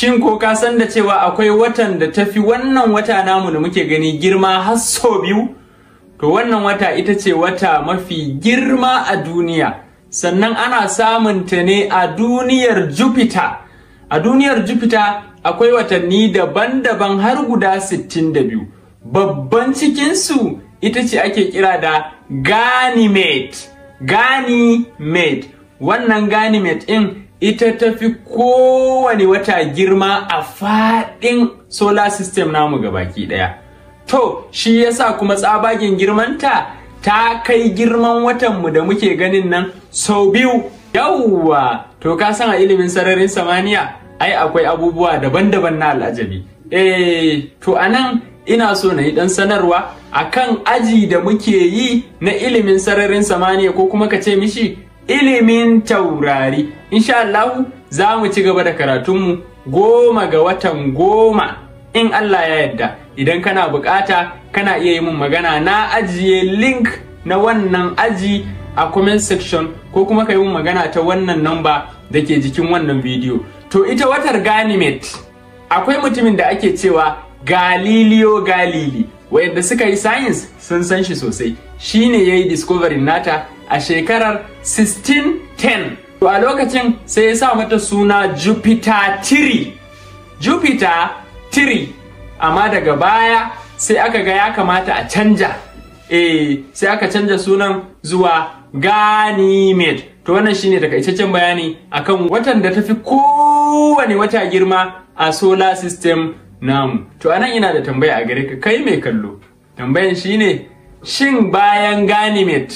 Shin ko ka san da cewa akwai watan da ta fi wannan wata namu da muke gani girma har sau biyu? To wannan wata ita ce wata mafi girma a duniya. Sannan ana samun ta ne a duniyar Jupiter. A duniyar Jupiter akwai watanni daban-daban har guda sittin da biyu? Babban cikinsu ita ce ake kira da Ganymede. Ganymede. Wannan Ganymede ɗin ita ta fi kowane wata girma a faɗin solar system namu ga baki ɗaya. To, shi yasa kuma tsabagen girmanta ta kai girman watanmu da muke ganin nan sau biyu yawwa to ka san a ilimin sararin samaniya ai akwai abubuwa daban-daban na al'ajabi. Eh, to a nan, ina so na yi ɗan sanarwa a kan aji da muke yi na ilimin sararin samaniya ko kuma ka ce mishi ilimin taurari insha Allah za mu ci gaba da karatunmu goma ga watan goma in Allah ya yarda idan kana bukata kana iya yi mun magana na ajiye link na wannan aji a comment section ko kuma ka yi mun magana ta wannan namba da ke jikin wannan video. to ita watar ganimet, akwai mutumin da ake cewa galileo galili wayanda suka yi science sun san shi sosai shine ya yi discovery nata a shekarar 1610 to a lokacin sai ya sa mata suna jupiter tiri jupiter tiri amma daga baya sai aka ga ya kamata a canja eh sai aka canja sunan zuwa ganymede to wannan shine takaitaccen bayani akan watan da tafi kowane wata girma a solar system Na'am, to anan ina da tambaya a gare ka kai mai kallo. Tambayan shine shin bayan ganimet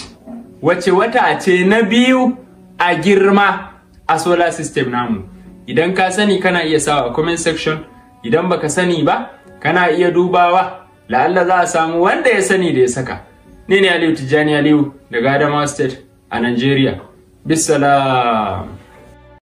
wace wata ce na biyu a girma a solar system namu? Idan ka sani kana iya sawa a comment section, idan baka sani ba kana iya dubawa la'alla za a samu wanda ya sani da ya saka. Ni ne Aliyu Tijjani Aliyu daga Adamawa State a Nigeria. Bisalam.